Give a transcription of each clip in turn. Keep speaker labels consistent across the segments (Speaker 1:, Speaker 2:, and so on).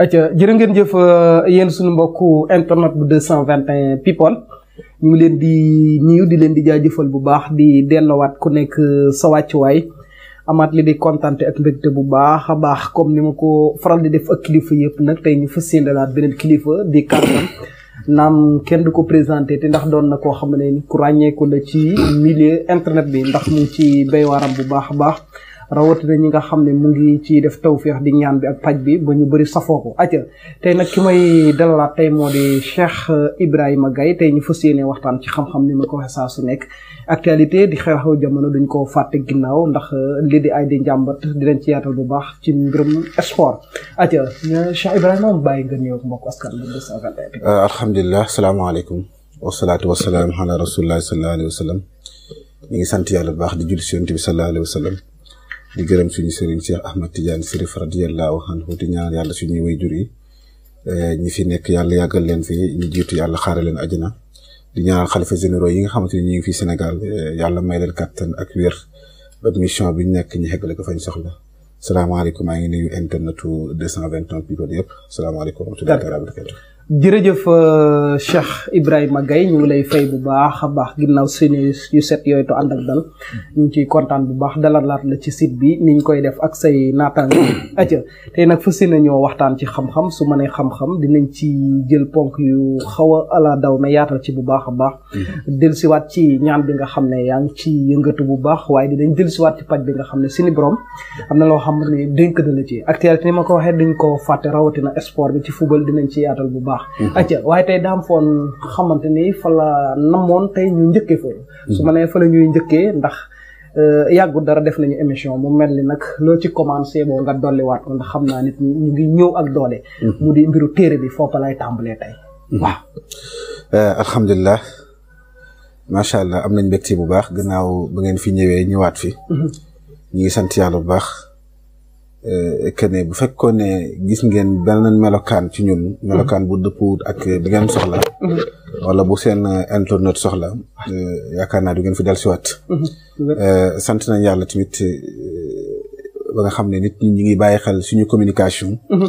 Speaker 1: acca jërë ngeen jëf euh, yéen suñu mbokku internet bu 221 people ñu ngi leen di nuyu di leen di jaajëfal bu baax di delloowaat ku nekk euh, sa wàccuwaay amaat li di kontante ak mbégte bu baax a baax comme ni ma ko faral di def ak kilifa yëpp nag tey ñu fas yéene laat beneen kilifa di kàttan naam kenn du ko présenté te ndax doon na koo xam ne ku ràññeeku la ci milieu internet bi ndax mu ci béy waaram bu baax a baax. rawatina ñi nga xam ne mu ngi ci def tawféex di ñaan bi ak paj bi ba ñu bëri safoo ko aca tey nag ki may dalalaat tey moo di Cheikh Ibrahima Gaye tey ñu fas yéene waxtaan ci ni ma ko waxee saa su nekk actualité di xew jamono duñ ko fàtte ginnaaw ndax uh, lii di ay di njàmbat ci yaatal bu baax ci mbirum sport aca Cheikh Ibrahima bàyyi nga ñëw mbokk askan bi de sa euh,
Speaker 2: alhamdulilah salaamaaleykum wasalaatu wasalaam ala rasulillahi sallallahu alayhi wa sallam ngi sant yàlla bu baax di julli si yonent bi sallallahu alayhi wa di gërëm suñu sëriñ Cheikh Ahmad Tidiane Chérif radiyallahu anhu di ñaanal yàlla suñuy wayjur yi eh, ñi fi nekk yàlla yàggal leen fi ñu jiitu yàlla xaare leen ajina di ñaanal xalifa généraux yi nga xamante ni ñu ngi fi Sénégal eh, yàlla may leen kattan ak wér ba mission bi ñu nekk ñu xeggale ko fañ soxla salaamaaleykum maa ngi nuyu internetu 221 people yëpp salaamaaleykum wa rahmatullahi wa barakatuh
Speaker 1: jërëjëf euh, Cheikh Ibrahima Gaye ñu ngi lay fay bu baax a baax ginnaaw sine yu set yooyu to ànd ak dal ñu ci kontaan bu baax laat la ci sit bi ni koy def ak say naataango aja tey nag fas yéene ñoo waxtaan ci xam-xam su ma nee xam-xam dinañ ci jël ponk yu xaw a ala daw mais yaatal ci bu baax a baax mm-hmm. dellusiwaat ci ñaan bi nga xam ne yaa ngi ci yëngatu bu baax waaye dinañ dellusiwaat ci paj bi nga xam ne suñu borom am na loo xam ne dénk na la ci actualité ni ma ko waxee dañ ko fàtte rawatina sport bi ci football dinañ ci yaatal bu baax baax. Mhm. waaye tey daam foon xamante ni fa la namoon tey ñu njëkkee foofu. Mhm. su ma nee fa la ñuy njëkkee ndax euh, yàggu dara def nañu émission mu mel ni nag loo ci commencé boo nga dolliwaat ko ndax xam naa nit ñi ñu ngi ñëw ak doole. Mhm. mu di mbiru téere bi foofa lay tàmbalee tey.
Speaker 2: Euh, alhamdulilah macha allah am nañ mbégte bu baax gannaaw ba ngeen fi ñëwee ñëwaat fi. ñu ngi sant yàlla bu baax. Eh, eh, que ne bu fekkoon ne gis ngeen benn melokaan ci ñun. melokaan bu dëppuwut ak bi ngeen soxla. Mhm. wala bu seen eh, internet soxla. yaakaar naa du ngeen fi dellusiwaat. Mhm. sant nañ yàlla tamit ba nga xam ne nit ñi ñu ngi bàyyi xel suñu communication. Mhm.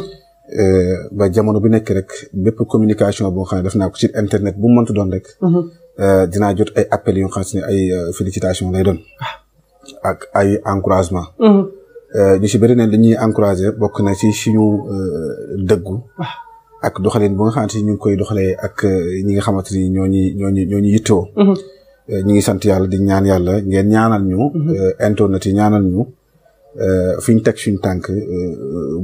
Speaker 2: ba jamono bi nekk rek bépp communication boo xam ne def naa ko ci internet bu mu mënta doon rek. dinaa jot ay appels yu nga xam ne ay félicitations lay doon. Ah. ak ay encouragement Euh, ñu si bëri ne dañuy encouragé bokk na si suñu euh, dëggu. ak doxalin bu nga xamante ñu ngi koy doxalee ak euh, ñi nga xamante ni ñoo ñuy ñoo ñuy ñoo ñuy yittewoo. Mm-hmm. ñu ngi sant yàlla di ñaan yàlla ngeen ñaanal ñu. Mm-hmm. internet yi ñaanal ñu. fi ñu teg suñu tànk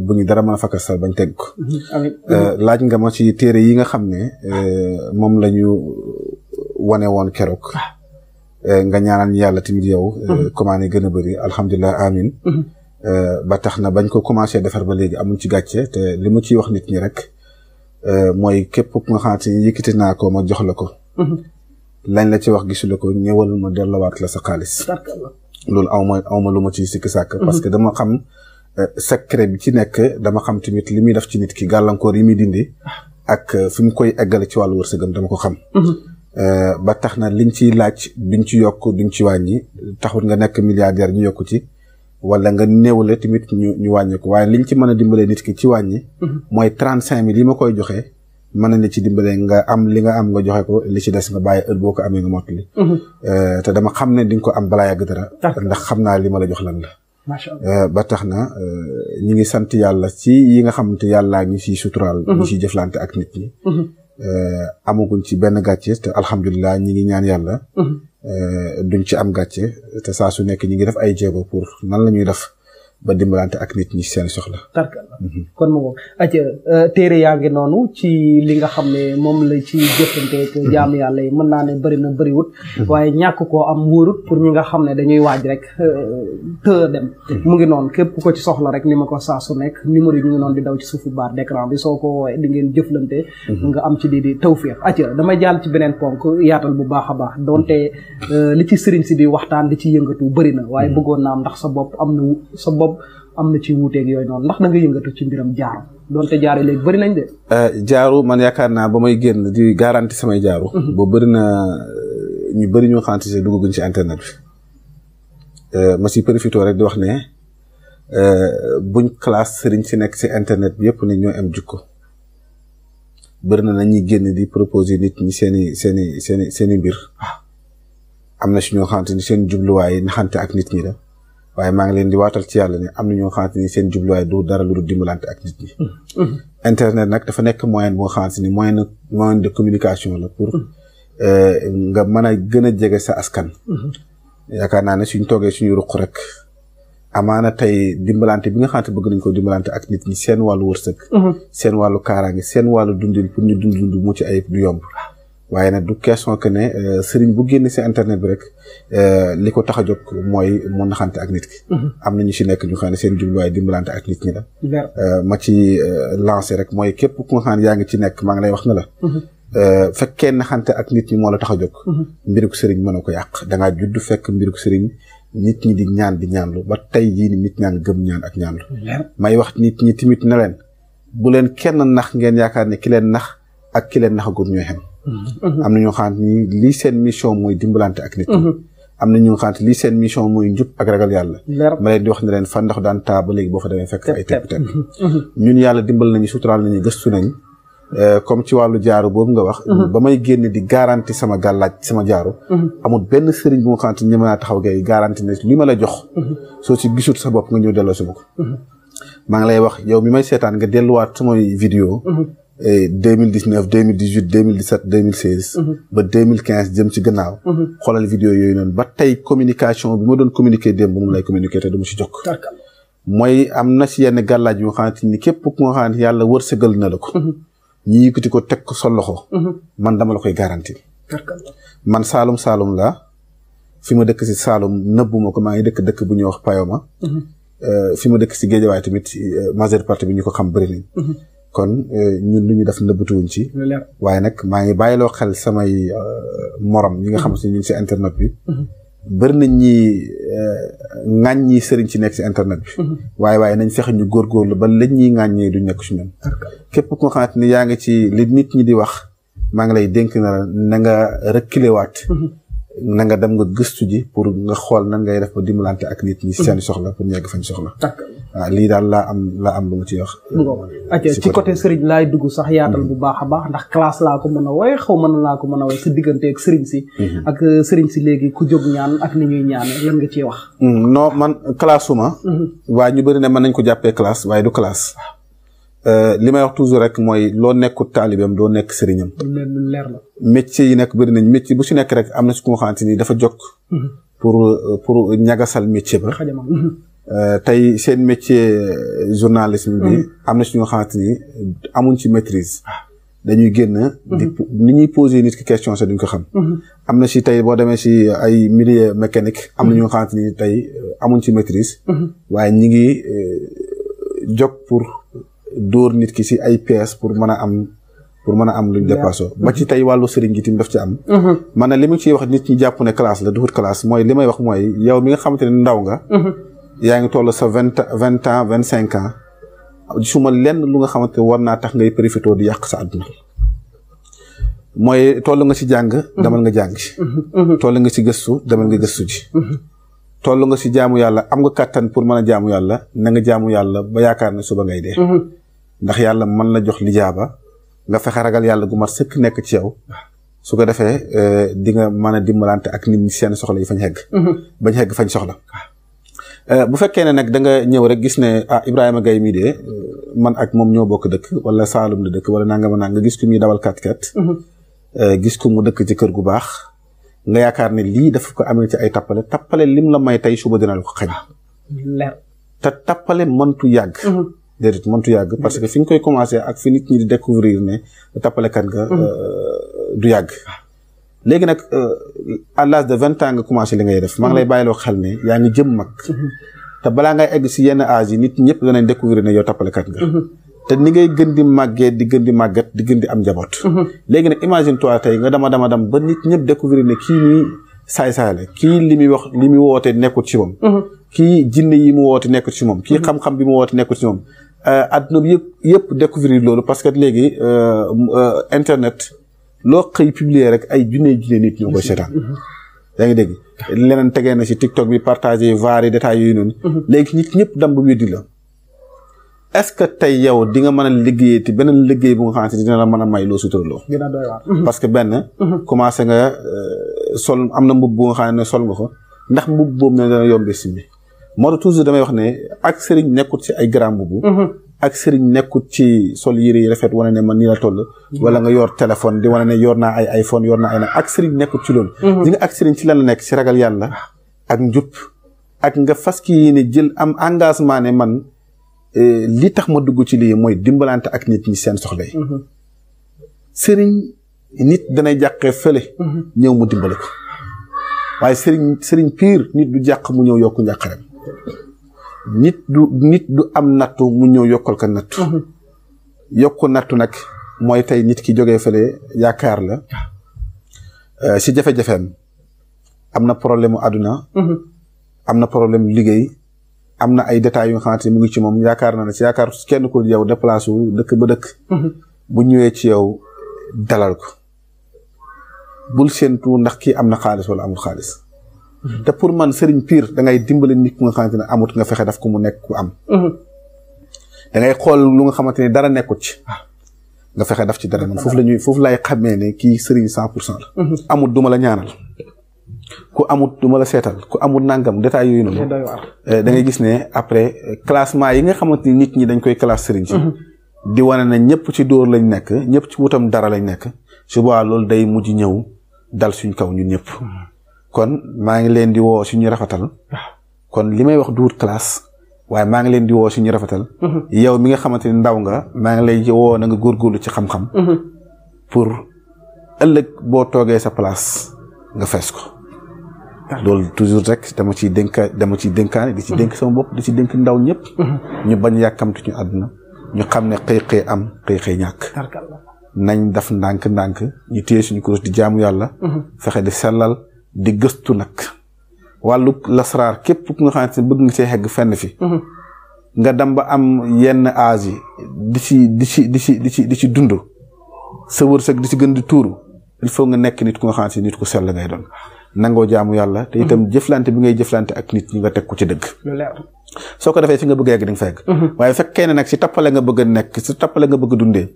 Speaker 2: bu ñu dara mën a fakkasal bañ teg ko. Mm-hmm. laaj nga ma ci téere yi nga xam ne moom la ñu wane woon keroog. Ah. nga ñaanal yàlla tamit yow. comment gën a bëri alhamdulilah amin Euh, ba tax na bañ koo commencé defar ba léegi amuñ ci gàcce te li mu ciy wax nit ñi rek euh, mooy képp ku nga xamante ni yëkkati naa ko ma jox la ko. Mm-hmm. lañ la ci wax gisu la ko ñëwal ma dellowaat la sa xaalis. loolu aw ma aw ma lu ma ci sikki sàkk. Mm-hmm. parce que dama xam euh, secret bi ci nekk dama xam tamit li muy def ci nit ki gàllankoor yi muy dindi. Ah. ak fi mu koy eggale ci wàllu wërsëgam dama ko xam. Mm-hmm. ba tax na liñ ciy laaj duñ ci yokk duñ ci wàññi taxul nga nekk milliardaire ñu yokku ci. wala nga néewle tamit ñu ñu wàññi ko waaye liñ ci mën a dimbalee nit ki ci wàññi. Mhm. mooy trente cinq mille yi ma koy joxe. mën na ci dimbalee nga am li nga am nga joxe ko li ci des nga bàyyi heure boo ko amee nga mottali. Mhm. Euh, te dama xam ne di ko am balaa yàgg dara. ndax xam naa li ma la jox lan la. macha allah euh, ba tax na euh, ñu ngi sant yàlla si yi nga xamante yàllaa ñu siy suturaal. Mhm. ñu siy jëflante ak nit ñi. amaguñ ci benn gàcce te alhamdulilah ñi ngi ñaan yàlla. Euh, duñ ci am gàcce te saa su nekk ñi ngi def ay jéego pour nan la ñuy def ba dimbalante ak nit ñi seen soxla. tarkal la mhm.
Speaker 1: kon mu ngoog euh, téere yaa ngi noonu ci li nga xam ne moom la ci jëfanteek mhm. jaamu yàlla yi mën naa ne bëri na bëriwut mhm. waaye ñàkk koo am wóorut pour ñi nga xam ne dañuy waaj rek euh, të dem mu ngi noon képp ku ko ci soxla rek ni ma ko saa su nekk numéro yi ñu ngi noon di daw ci suufu baar d'écran bi soo ko woowee di ngeen jëflante nga am ci di di tawféex aca damay jàll ci beneen ponk yaatal bu baax a baax donte euh, li ci sëriñ si waxtaan di ci yëngatu bëri na boobu am na ci wuuteeg yooyu noonu ndax da nga yëngatu ci mbiram jaaru donte jaaru léegi bëri nañ de.
Speaker 2: Euh, jaaru man yaakaar naa ba may génn di garanti samay jaaru. Mhm. boo bëri na euh, ñu bëri ñoo xamante ne ci internet bi. Euh, ma si rek di wax ne buñ classe sëriñ si nekk si internet yëpp ne ñoo am jukko bëri na ñuy génn di proposer nit ñi seen i seen i seen i seen i mbir. Ah. am na si ñoo ni seen jubluwaay naxante ak nit ñi la. waaye maa ngi leen di waatal ci yàlla ne am na ñoo xamante ni seen jubluwaay du dara lu dul ak nit ñi. internet nag dafa nekk moyen boo xamante ni moyen moyen de communication la pour euh, nga mën a gën a jege sa askan. yaakaar naa ne suñ toogee suñu ruq rek amaana tey dimbalante bi nga xamante bëgg nañ ko dimbalante ak nit ñi seen wàllu wërsëg. seen wàllu kaaraange seen wàllu dundin pour ñu dund dund mu ci ayib du yomb. waaye nag du question que ne euh, sëriñ bu génn si internet bi rek euh, li ko tax a jóg mooy mu naxante ak nit mhm. na ñu si nekk ñu xam ne seen jubluwaay dimbalante ak nit ñi la.
Speaker 1: Euh,
Speaker 2: ma ci lancé rek mooy képp ku nga xam yaa ngi ci nekk maa ngi lay wax na la. Mhm. fekkee naxante ak nit ñi moo la tax a jóg. Mhm. mbiruk sëriñ mën a ko yàq da ngaa judd fekk mbiruk sëriñ. nit ñi di ñaan di ñaanlu ba tey jii nit ñaa ngi gëm ñaan ak ñaanlu may wax nit ñi timit na bu leen kenn nax ngeen yaakaar ne ki leen nax ak ki leen naxagum ñooy xem Mm-hmm. am na ñoo xam ni lii seen mission mooy dimbalante ak nit mm-hmm. am na ñu nga xamante lii seen mission mooy njub ak ragal yàlla ma leen di wax na leen fan ndax daan taa ba léegi boo fa demee fekk ay tepp tepp mm-hmm. ñun yàlla dimbal nañu suturaal nañu gëstu nañ eh, comme ci wàllu jaaru boobu nga wax ba may génn di garanti sama gàllaaj sama jaaru amul benn sëriñ bu nga xamante ni mën a taxaw gay garanti ne li ma la jox soo ci gisul sa bopp nga ñëw delloo si ko maa ngi lay wax yow mi may seetaan nga delluwaat samay vidéo Eh, deux mille dix neuf deux mille dix huit deux mille dix sept deux mille seize mhm. ba deux mille quinze jëm ci gannaaw mhm. xoolal vidéo yooyu noonu ba tey communication bi ma doon communiquer démb ba mu lay communiquer te du mu ci jokk mooy na si yenn gàllaaj yoo xamante ni képp ku nga xamante yàlla na ko mhm. ñi yëkkati ko teg ko sa loxo man dama la koy garanti man saalum saalum laa fi ma dëkk si saalum nëbbuma ko maa ngi dëkk dëkk bu ñuy wax payoma eh, fi ma dëkk si géejawaay tamit eh, majeure partie bi ñu ko xam bëri nañ kon euh, ñun lu ñu def wuñ ci waaye nag maa ngi bàyyiloo xel samay euh, moroom ñi nga xam si ñu ngi si internet bi mhm. bari nañ ñi euh, ŋàñ ñi sëriñ ci nekk si internet bi mhm. waaye waaye nañ fexe ñu góorgóorlu ba lañ ñuy ŋàññee du nekk si ñun képp koo xamante ni yaa ngi ci li nit ñi di wax maa ngi lay dénk na la na nga reculer waat mhm. na nga dem nga gëstu ji pour nga xool nan ngay def ba dimbalante ak nit ñi seen soxla pour ñegg fañ soxla waaw ah, lii daal laa am laa am lu ma ci wax
Speaker 1: ci côté sëriñ laay dugg sax yaatal hmm. bu baax a baax ndax classe laa ko mën a wooye xaw mën laa ko mën a wooye sa diggante ak sëriñ si hmm. ak euh, sëriñ si léegi ku jóg ñaan ak ni ñuy ñaan lan nga ciy wax
Speaker 2: hmm, non man classe suma waaye ñu bëri ne mën nañ ko jàppee classe waaye du classe ah. Euh, li may wax toujours rek mooy loo nekkut taalibeem doo nekk sëriñam.
Speaker 1: lu leer la.
Speaker 2: métier yi nekk bëri nañ métier bu si nekk rek am na si ko nga ni dafa jokk. Mhm. pour euh, pour ñagasal métier ba. Euh, tey seen métier journalisme bi. Mhm. am na si ñoo xamante ni amuñ ci maîtrise. Ah. dañuy génn. Mhm. di ni ñuy poser nit ki question sax duñ ko xam. am na si tey boo demee si ay millier mécanique. am na ñu xamante ni tey amuñ ci maîtrise. waaye ñi ngi jóg pour. dóor nit ki si ay pièces pour mën a am pour mën a am luñ dépassé ba ci tey wàllu sëriñ gi tamit daf ci am mm-hmm. man na li mu ciy wax nit ñi jàpp ne classe la duhut classe mooy li may wax mooy yow mi nga xamante ne ndaw nga mm-hmm. yaa ngi toll sa vingt vingt ans vingt cinq ans gisuma lenn lu nga xamante ne war naa tax ngay profité di yàq sa àdduna mooy toll nga ci jàng mm-hmm. demal nga jàng ci toll nga ci gëstu demal nga gëstu ji toll nga ci jaamu yàlla am nga kàttan pour mën a jaamu yàlla na nga jaamu yàlla ba yaakaar ne suba ngay dee ndax yàlla man la jox lijaaba nga fexe ragal yàlla gu mat sëkk nekk ci yow ah. su ko defee eh, di nga mën a dimbalante ak nit ñi seen soxla yi fañ xegg mm-hmm. bañ xegg fañ soxla ah. eh, bu fekkee ne nag danga ñëw rek gis ne ah Ibrahima Gaye mii de eh, man ak moom ñoo bokk dëkk wala Saalum la dëkk wala nangama naa nga gis ku muy dawal kat-kat mm-hmm. gis ko mu dëkk ci kër gu baax nga yaakaar ne lii dafa ko amee ci ay tappale tappale lim la may tey suba dina la ko xañ ah, te tappale mëntu yàgg mm-hmm. déedéet mëntu yàgg parce que fi koy commencé ak fi nit ñi di découvrir ne tappalekat nga euh, du yàgg léegi nag euh, à l'âge de vingt ans nga commencé li ngay def maa ngi lay bàyyiloo xel ne yaa ngi jëm mag te balaa ngay egg si yenn âge yi nit ñëpp danañ découvrir ne yow tappalekat nga te ni ngay gën di màggee di gën di màggat di gën di am njaboot léegi nag imagine toi tey nga dama dama dem ba nit ñëpp découvrir ne kii nii saay-saay la kii li muy wax li muy woote nekkut si moom kii jinne yi mu woote nekkut ci moom kii xam bi mu woote nekkut ci moom Euh, adduna bi yëpp yëpp découvrir loolu parce que léegi euh, euh, internet loo xëy publier rek ay junne junne nit ñoo koy seetaan. yaa ngi dégg leneen tegee na ci TikTok bi partagé vari détails yooyu noonu. Mhm. léegi nit ñëpp dem ba weddi la. est-ce que tey yow di nga mën a liggéey ti beneen liggéey bu nga xam ne dina la mën a may loo suturaloo. dina mhm. parce que benn. Mhm. commencé nga sol am na mbubb bu nga xam ne sol nga ko ndax mbub boobu ne dana yombe simbi moo tax toujours damay wax ne ak sëriñ nekkut ci ay grand mbubu mhm. ak sëriñ nekkut ci sol yére yi rafet wane ne man nii la toll wala nga yor téléphone di wane ne yor naa ay iPhone yor naa ay na ak sëriñ nekkut ci loolu ñi mhm. nga ak sëriñ ci la nekk ci ragal yàlla ak njub ak nga fas ki ne jël am engagement ne man eh, li tax ma dugg ci lii mooy dimbalante ak nit ñi seen soxla yi mhm. sëriñ nit danay jàqee fële ñëw mu dimbale waaye sëriñ sëriñ pire nit du jàq mu ñëw yokku njàqarem nit du nit du am nattu mu ñëw yokkal ko nattu mhm. yokku nattu nag mooy tey nit ki joge fële yaakaar la ah. euh, si jafe-jafeem am na problème mu àdduna mhm. am na problème liggéey am na ay détails yu nga xamante mu ngi ci moom yaakaar na ne si yaakaar kenn ku yow déplacé wu dëkk ba dëkk mhm. bu ñëwee ci yow dalal ko bul séentu ndax kii am na xaalis wala amul xaalis Mhm. te pour man sëriñ pire da ngay dimbale nit ku nga xamante ne amut nga fexe daf ko mu nekk ku am. Mhm. dangay xool lu nga xamante ne dara nekkut ci. Ah. nga fexe daf ci dara man foofu la ñuy foofu laay xamee ne kii sëriñ cent pour cent mhm. duma la ñaanal. ku amut duma la seetal ku amut nangam détail yooyu eh, da ngay gis ne après eh, classement yi nga xamante ni nit ñi dañ koy classe sëriñ si. di wane ne ñëpp ci dóor lañ nekk ñëpp ci wutam dara lañ nekk. su boobaa loolu day mujj ñëw dal suñ kaw ñun ñëpp. kon maa ngi leen di woo si ñu rafetal ah. kon li may wax duut classe waaye maa ngi leen di woo si ñu rafetal mm-hmm. yow mi nga xamante ni ndaw nga maa ngi lay woo na nga góorgóorlu ci xam-xam mm-hmm. pour ëllëg boo toogee sa place nga fees ko loolu toujours rek dama ci dénka dama ciy dénkaane di ci mm-hmm. dénk sama bopp di ci dénk ndaw ñëpp ñu bañ yàkkamtu ñu àdduna ñu xam ne xëy-xëy am xëy-xëy ñàkk nañ daf ndànk-ndànk ñu téye suñu kurus di jaamu yàlla fexe di sellal di gëstu nag wàllu lasraar képp ku nga xamante ne bëgg nga see xegg fenn fi mhm. nga dem ba am yenn âge yi di ci di ci di ci di ci dund sa wërsëg di ci gën di tuuru il faut nga nekk nit ku nga xamante ne nit ku sell ngay doon nangoo jaamu yàlla te itam mhm. jëflante bi ngay jëflante ak nit ñi nga teg ko mhm. si tappale a nekk si tappale nga bëgg dundee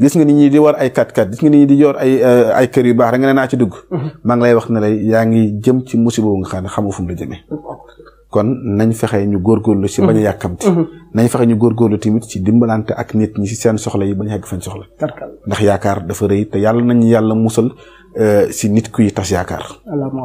Speaker 2: gis nga nit ñi di war ay kat di yor ay euh, ay kër yu baax rek nga ne naa ci dugg mhm. maa ngi lay wax ne lay yaa ngi jëm ci musiba boobu nga xam ne xamoo si bañ a yàkkamti nañ fexe ñu góorgóorlu tamit si dimbalante ak nit ñi si seen soxla yi bañ a yegg fañ soxla ndax yaakaar dafa rëy te yàlla nañ yàlla musal Euh, si nit kuy tas yaakaar.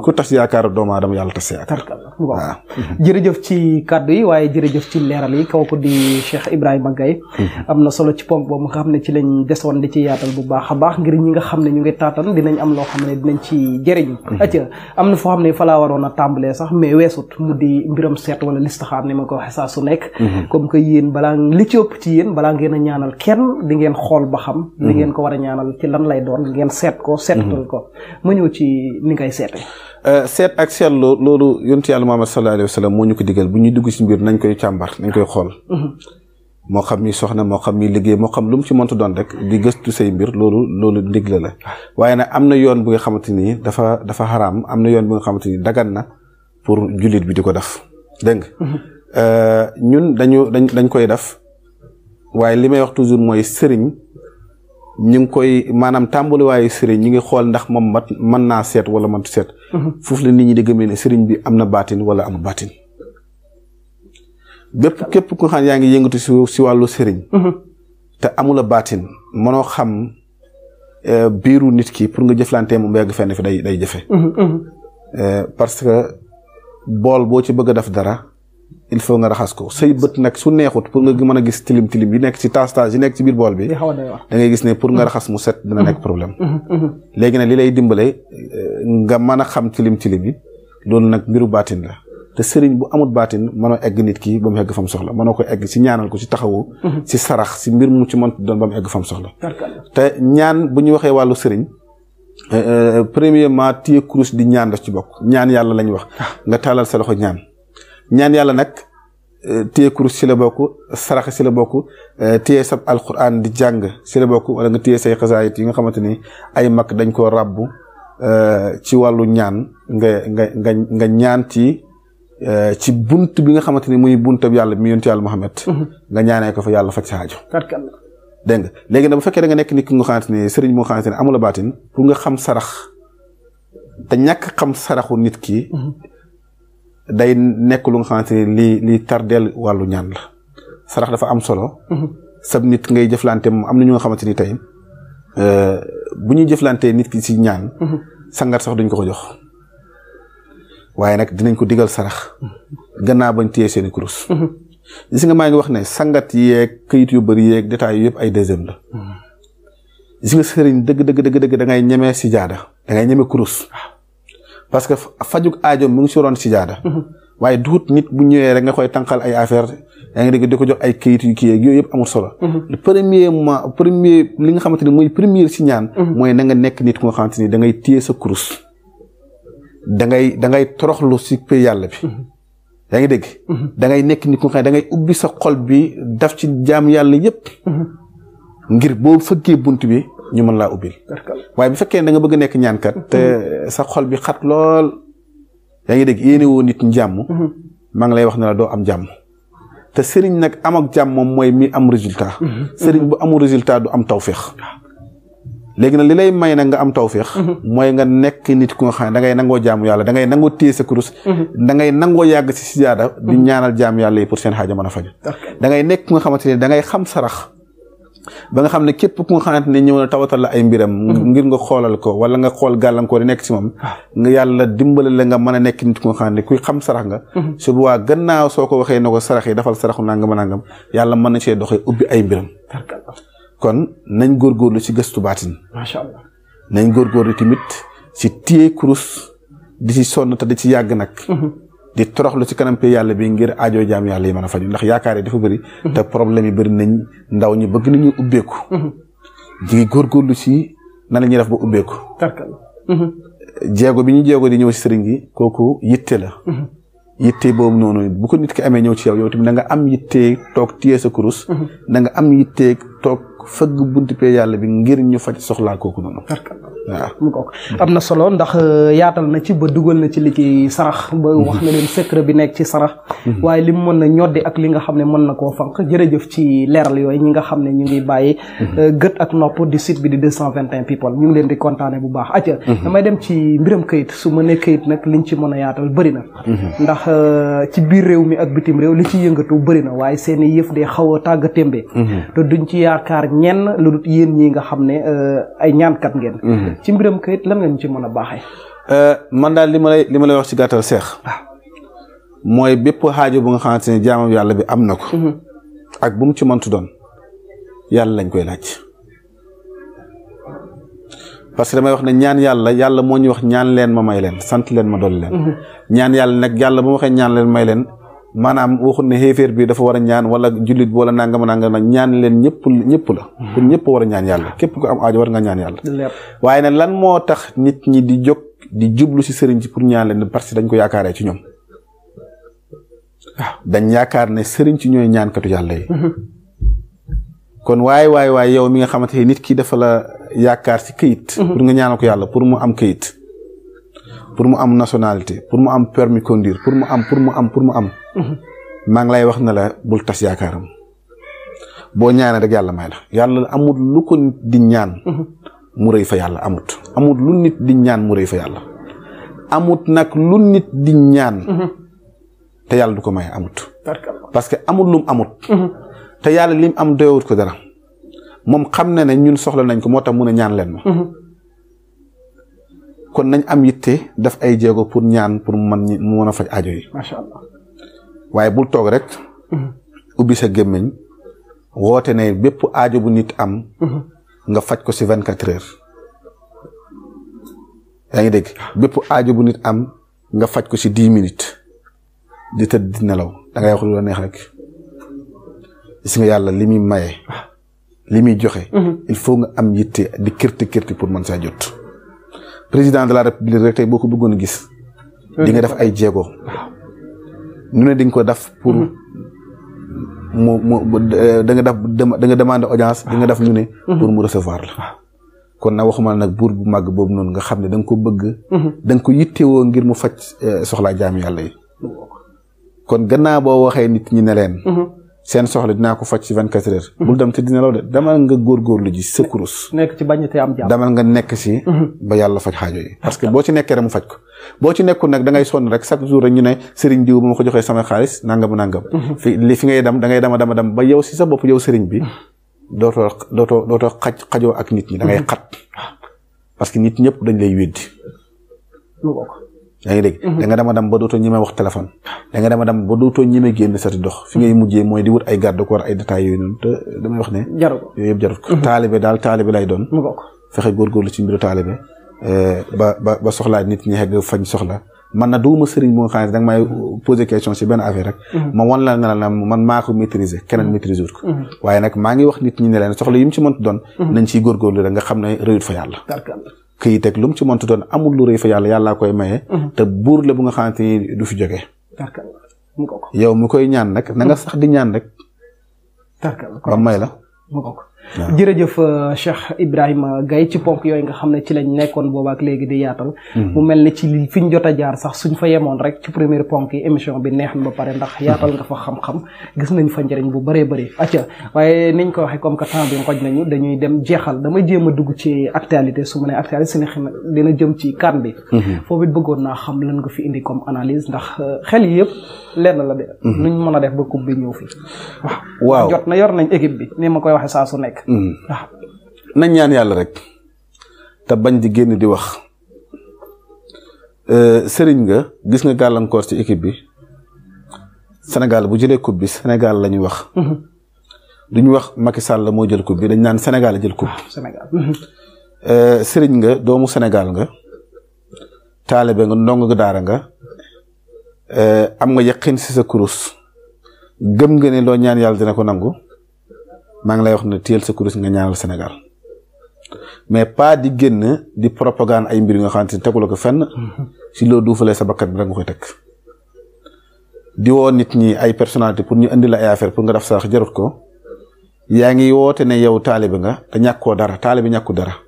Speaker 2: ku tas yaakaar doomu aadama yàlla tas yaakaar. waaw
Speaker 1: jërëjëf ci kàddu yi waaye jërëjëf ci leeral yi kooku di Cheikh Ibrahima gay am na solo ci ponk boobu nga xam ne ci lañ desoon di ci yaatal bu baax a baax ngir ñi nga xam ne ñu ngi taatan dinañ am loo xam ne dinañ ci jëriñu. atya am na foo xam ne fa laa waroon a tàmbalee sax mais weesut mu di mbiram seet wala listixaar ne ma ko waxee su nekk. comme que yéen balaa li ci ëpp ci yéen balaa ngeen a ñaanal kenn di ngeen ba xam. li ngeen ko war a ñaanal lan lay doon ngeen seet ko seetal ko ma ñëw ci ni ngay seete
Speaker 2: euh, seet ak seetlu loolu yontu yàlla Muhammad sallallahu alayhi wa sallam moo ñu ko digal bu ñuy dugg ci mbir nañ koy càmbar nañ koy xool mm-hmm. moo xam mi soxna moo xam mi liggéey moo xam lu mu ci mënta doon rek di gëstu say mbir loolu loolu ndigle la waaye nag am na yoon bu nga xamante ni dafa dafa xaraam am na yoon bu nga xamante ni dagan na pour jullit bi di ko def dégg nga mm-hmm. euh, ñun dañu dañ dañ koy def waaye li may wax toujours mooy sëriñ ñu ngi koy maanaam tàmbaliwaayu sëriñ ñi ngi xool ndax moom mat mën naa seet wala mëntu seet. Mhm. foofu la nit ñi di gëmee ne sëriñ bi am na baatin wala amu baatin. bépp képp ku xam yaa ngi yëngatu si si wàllu sëriñ. Mhm. te amula baatin mënoo xam e, biiru nit ki pour nga jëflantee moom yàgg fenn fi day day jafe.
Speaker 1: Mhm,
Speaker 2: e, parce que bool boo ci bëgg a def dara. il faut nga raxas ko say bët nag su neexut pour nga mën a gis tilim tilim yi nekk ci taas taas yi nekk ci biir bool bi da ngay gis ne pour nga raxas mu set dina nekk problème mm-hmm, mm-hmm. léegi nag lii lay dimbale euh, nga mën a xam tilim tilim yi loolu nag mbiru baatin la te sëriñ bu amut baatin mënoo egg nit ki ba mu egg fa mu soxla mënoo ko egg ci ñaanal ko ci taxawu mm-hmm. ci sarax ci mbir mu ci mën doon ba mu egg fa mu soxla te ñaan bu ñu waxee wàllu sëriñ euh, euh, premièrement téye kurus di ñaan ci bokk ñaan yàlla lañ wax ah. nga taalal sa ñaan yàlla nag euh, téye kurus si bokk sarax si la bokk euh, téye sab alquran di jàng si la bokk wala nga téye say xasaayit yi nga xamante ni ay mag dañ koo ràbbu euh, ci wàllu ñaan nga nga nga ñaan ci ci bunt bi nga xamante ni muy buntab yàlla mi yontu yàlla Muhammad mhm. nga ñaanee ko fa yàlla faj sa aajo dégg nga léegi nag bu fekkee da nga nekk nit ki nga xamante ni sëriñ moo xamante ni amula baatin pour nga xam sarax te ñàkk xam saraxu nit ki mhm. day nekk lu nga xamante ni lii lii tardeel wàllu ñaan la sarax dafa am solo mhm. sab nit ngay jëflante moom am na ñu nga xamante ni tey euh, bu ñuy jëflante nit ki ci ñaan mhm. sangat sax duñ ko ko jox waaye nag dinañ ko digal sarax gannaaw bañ téye seeni kurus mhm. gis nga maa ngi wax ne sangat yeeg këyit yu bëri yeeg détails yu yëpp ay deuxième la gis nga sëriñ dëgg dëgg dëgg dëgg da ngay ñemee si jaada dangay ngay ñeme kurus ah. parce que fajuk aajo mu ngi si ron sijaada waaye duut nit bu ñëwee rek nga koy tànqal ay affaire yaa ngi dégg di ko jox ay kayit yu kii yeeg yooyu yëpp amul solo mhm. le premier mois premier li nga xamante ni mooy premier si ñaan mhm. mooy na nga nekk nit ku nga xamante ni da ngay téye sa kurus da ngay da ngay toroxlu si pay yàlla bi mhm. yaa ngi dégg da nekk nit ku nga xam ne da ngay ubbi sa xol bi daf ci jaam yàlla yëpp ngir boo fëggee bunt bi ñu mën laa ubbil waaye bu fekkee da nga bëgg a nekk ñaankat te mhm. sa xol bi xat lool yaa ngi dégg yéene woo nit jàmm mhm. maa ngi lay wax ne la doo am jàmm te sëriñ nag am ak moom mooy mi am résultat mhm. sëriñ bu amul résultat du am tawféex léegi na li lay may na nga am tawféex mooy nga nekk nit ku nga xam ne da ngay nangoo jaamu yàlla da ngay nangoo téye sa kurus ngay nangoo yàgg si sijaada di ñaanal jaamu yàlla yi pour seen xaaja mën a faj nekk ku nga xamante ne da ngay xam sarax ba nga xam ne képp ku nga xamante ne ñëw na tawatal ay mbiram mm-hmm. ngir nga xoolal ko wala nga xool gàllankoor yi nekk ci moom ah. nga yàlla dimbale la nga mën a nekk nit ku nga xamante ne kuy xam sarax nga mm-hmm. su boobaa gannaaw soo ko waxee na ko sarax yi dafal saraxu nangam nangam yàlla mën na cee doxee ubbi ay mbiram kon nañ góorgóorlu ci gëstu baatin macha allah nañ góorgóorlu tamit ci téye kurus di ci sonn te di ci yàgg nag mm-hmm. di toroxlu ci kanam yàlla bi ngir aajo jaam yàlla yi mën a faju ndax yaakaar yi dafa bëri te problème yi bëri nañ ndaw ñi bëgg nañu ubbeeku jigi mhm. góorgóorlu ci na la ñuy def ba ubbeeku mhm. jeego bi ñu jeego di ñëw ci sëriñ gi kooku yitte la mhm. yitte boobu noonu bu ko nit ki amee ñëw ci yow yow tamit na nga am yitte toog téye sa kurus na nga am yitte toog fëgg buntu pee yàlla bi ngir ñu faj soxlaa kooku noonu.
Speaker 1: waaw am na solo ndax euh, yaatal na ci ba dugal na ci li ci sarax. ba mhm. wax na leen secret bi nekk ci sarax. Mhm. waaye li mu mën na ñoddi ak li nga xam ne mën na koo fànq jërëjëf ci leeral yooyu ñi nga xam ne ñu ngi bàyyi. Mhm. Euh, gët ak nopp di site bi di 221 people ñu ngi leen di kontaane bu baax. acca damay dem ci mbiram këyit su ma nee këyit nag liñ ci mën a yaatal bëri na. ndax euh, ci biir réew mi ak bitim réew li ci yëngatu bëri na waaye seen i yëf day xaw a ñenn lu dut yéen ñi nga xam ne euh, ay ñaankat ngeen. Mhm. ci mbiram këyit lan ñu ci mën a baaxee.
Speaker 2: Euh, man daal li ma lay li ma lay wax ci gàttal seex. Ah. mooy bépp xaajo bu nga xamante ne jaamam yàlla bi am na ko. Mhm. ak bu mu ci mëntu doon yàlla lañ koy laaj. parce que damay wax ne ñaan yàlla yàlla moo ñu wax ñaan leen ma may leen sant leen ma dool leen. Mhm. ñaan yàlla nag yàlla bu ma waxee ñaan leen may leen. maanaam waxut ne xéeféer bi dafa war a ñaan walla jullit bi wala nangam nangam nag ñaan leen ñëpp ñëpp la kon ñëpp war a ñaan yàlla képp ko am aajo war nga ñaan yàlla waaye nag lan moo tax nit ñi di jóg di jublu si sëriñ si pour ñaan leen parce que dañ ko yaakaaree ci ñoom ah, dañ yaakaar ne sëriñ ci ñooy ñaankatu yàlla yi mm-hmm. kon waaye waaye waaye yow mi nga xamante ni nit kii dafa la yaakaar si këyit mm-hmm. pour nga ñaanal ko yàlla pour mu am këyit pour mu am nationalité pour mu am permis conduire pour mu am pour mu am pour mu am. maa ngi lay wax ne la bul tas yaakaaram boo ñaanee rek yàlla may la yàlla amut lu ko nit di ñaan. mu rëy fa yàlla amut. lu nit di ñaan mu fa yàlla. amut nag lu nit di ñaan. te yàlla du ko maye amut. parce que amut lum amut. te yàlla lim am doyawut ko dara moom xam na ne ñun soxla nañ ko moo tax mun a ñaan leen ma. kon nañ am yitte def ay jéego pour ñaan pour mu man mën mu mën a faj ajo yi. macha waaye bul toog rek. Mhm. ubbi sa gémmiñ woote na bépp aajo bu nit am. Mhm. nga faj ko si vingt quatre heures. yaa ngi dégg bépp aajo bu nit am nga faj ko si dix minutes di tëdd di nelaw da ngay wax lu neex rek gis nga yàlla li muy maye. Ah. li muy joxe. Mhm. il faut nga am yitte di kirti kirti pour mën saa jot. président de la république rek tey boo ko bëggoon gis. di nga def ay jéego. nu ne di nga ko def pour. Mm-hmm. mu mu euh, da nga def da nga demande audience di nga def ñu ne. Mm-hmm. pour mu recevoir la. kon nag waxuma nag bu màgg boobu noonu nga xam ne danga nga ko bëgg. Mm-hmm. danga ko yittewoo ngir mu faj euh, soxlaa jaam yàlla yi. kon gannaaw boo waxee nit ñi ne leen. seen soxla dinaa ko faj ci vingt quatre heures. bul dem te dina law de demal nga góorgóorlu ji sa kurus.
Speaker 1: nekk ci bañ te am jàmm.
Speaker 2: nga nekk si. Mhm. ba yàlla faj xaajo yi. parce que boo ci nekkee rek mu faj ko. boo ci nekkul nag da ngay sonn rek chaque jour rek ñu ne sëriñ diw bu ma ko joxee sama xaalis nangam nangam. Mhm. fi li fi ngay dem da ngay dama dama dem ba yow si sa bopp yow sëriñ bi. Mhm. dootoo dootoo xaj xajoo ak nit ñi da ngay xat. parce que nit ñëpp dañ lay weddi. yaa ngi dégg mhm. nga dama dem ba dootoo ñeme wax téléphone da nga dama dem ba dootoo ñeme génn sati dox fi ngay mujjee mooy di wut ay garde corps ay détails yooyu noonu te damay wax ne jaru ko yooyu yëpp jaru ko mhm. taalibe daal taalibe lay doon fexe góorgóorlu ci mbiru taalibe eh, ba ba ba soxlaa nit ñi xegg fañ soxla man na duuma sëriñ bu nga xam ne danga may poser question ci benn affaire rek mhm. ma wan la ne la man maa ko maîtriser keneen maîtriser wut ko waaye nag maa ngi wax nit ñi ne leen soxla yi mu ci mënti doon nañ ciy góorgóorlu rek xam ne réyut fa këyit ak lu mu ci mëntu doon amul lu rëy fa yàlla yàllaa koy maye. Mhm. te buur la bu nga xamante ni du fi jóge yow mu koy ñaan nag na nga sax di ñaan rek. ba may la.
Speaker 1: jërëjëf euh, Cheikh Ibrahima Gaye ci ponk yooyu nga xam ne ci lañ nekkoon boobaak léegi di yaatal hmm. mu mel ni ci li fi ñu jot a jaar sax suñ fa yemoon rek ci premier ponk yi émission bi neex na ba pare ndax yaatal nga fa xam-xam gis nañ fa njëriñ bu bëree bëri acca waaye niñ ko waxee comme que temps bi ngoj nañu dañuy dem jeexal dama jéem a dugg ci actualité su ma ne actualité suñu xam dina jëm ci kan bi hmm. foofu it bëggoon naa xam lan nga fi indi comme analyse ndax euh, xel yëpp lenn la de. Mhm. nuñ mën a def ba coupe bi ñëw fii. waaw jot na yor nañ équipe bi ni ma koy waxee saa su nekk.
Speaker 2: Mhm. nañ ñaan yàlla rek te bañ di génn di wax euh, sëriñ nga gis nga gàllankoor ci équipe bi Sénégal bu jëlee coupe bi Sénégal la ñuy wax. Mhm. duñu wax Macky Sall moo jël coupe bi dañ naan senegal a jël coupe. Ah, Sénégal. Euh, sëriñ nga doomu senegal nga. taalibe nga ndong daara nga. Eh, am nga yaqin si sa kurus gëm nga ne loo ñaan yàlla dina ko nangu maa ngi lay wax ne téyel sa kurus nga ñaanal Sénégal mais pas di génn di propagande ay mbir yu nga xamante ne tegula ko fenn si loo duufalee sa bakkat bi rek nga koy teg di woo nit ñi ay personnalité pour ñu indi la ay affaire pour nga def sax jarut ko yaa ngi woote ne yow taalibe nga te ñàkkoo dara taalibe ñàkku dara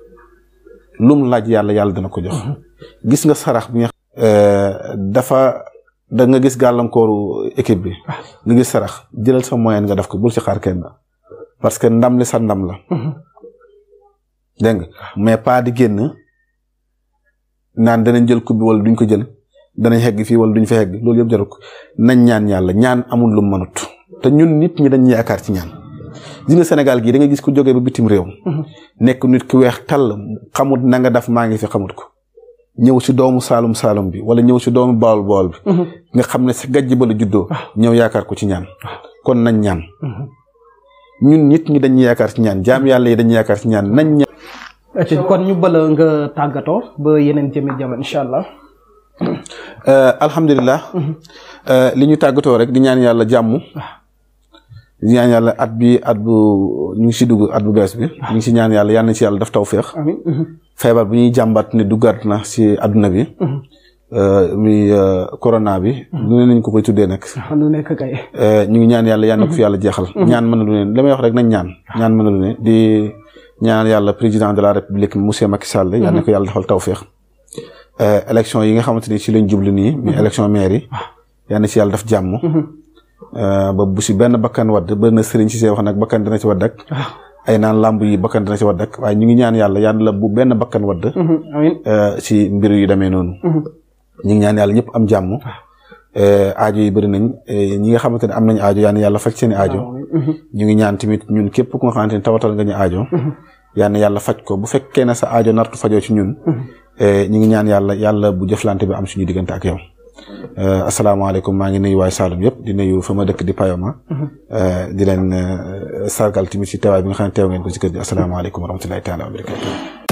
Speaker 2: lum laaj yàlla yàlla dina ko jox gis nga sarax eh, dafa da nga gis gàllankooru équipe bi. Ah. nga gis sarax jëlal sa moyen nga def ko bu ci xaar kenn. parce que ndam li sa ndam la. Mhm. dégg nga mais pas di génn naan danañ jël coupe bi wala duñ ko jël danañ xegg fii wala duñ fa xegg loolu yëpp jarul ko nañ ñaan yàlla ñaan amul lu mënut. te ñun nit ñi dañ yaakaar ci ñaan. gis nga senegal gii da nga gis ku jógee ba bitim réew. Mhm. nekk nit ku weex tàll xamut nanga nga def maa ngi fi xamut ko. ñëw si doomu saalum saalum bi wala ñëw si doomu bool bool bi mhm. nga xam ne si gàjj ba la juddoo ah. ñëw yaakaar ko ci ñaan ah. kon nañ ñaan mhm. ñun nit ñi dañuy yaakaar si ñaan jaam yàlla yi dañuy yaakaar si ñaan nañ ñaan kon ñu bala nga tàggatoo ba yeneen jëmi allah. Euh, alhamdulilah. Mhm. Euh, li ñu tàggatoo rek di ñaan yàlla jàmm. Ah. di ñaan yàlla at bi at bu ñu ngi si dugg at bu bees bi. ñu ngi si ñaan yàlla yal na si yàlla daf taw féex. feebar bu ñuy jàmbat ne duggaat na si àdduna bi. mi mhm. euh, euh, corona bi. Mhm. lu ne nañ ko koy tuddee nag.
Speaker 1: Ah, lu nekk euh,
Speaker 2: ñu ngi ñaan yàlla yàlla na ko fi mhm. yàlla jeexal. ñaan mën a lu ne li may wax rek nañ ñaan. Ah. ñaan mën na lu ne di ñaan yàlla président de la république monsieur Macky Sall. yàlla na ko yàlla taw tawféex. élection yi nga xamante ni si lañ jublu nii. muy élection maire yi. Ah. yàlla na si yàlla def jàmm. ba bu si benn bakkan wadd benn sëriñ si see wax nag bakkan dana ci wadd ak. ay naan làmb yi bakkan dina si wadd ak waaye ñu ngi ñaan yàlla yàlla bu benn bakkan wadd si mm-hmm. euh, mbir yu demee noonu mm-hmm. ñu ngi ñaan yàlla ñëpp am jàmm ah. euh, ajo yi bëri nañ euh, ñi nga xamante ne am nañu aajo yal yàlla faj seen i mm-hmm. ñu ngi ñaan tamit ñun képp ku nga xamante ne tawatal nga ñu aajo yal na yàlla faj ko bu fekkee na sa aajo nartu fajoo ci ñun ñu ngi ñaan yàlla yàlla bu jëflante bi am suñu diggante ak yow Euh, asalaamaaleykum maa ngi nuyu waay Saalum yëpp di nuyu fa ma dëkk di Payoma. Euh, di leen euh, sargal tamit ci teewaay bi nga xam ne teew ngeen ko ci kër gi asalaamaaleykum wa rahmatulahi taala wa barakatuh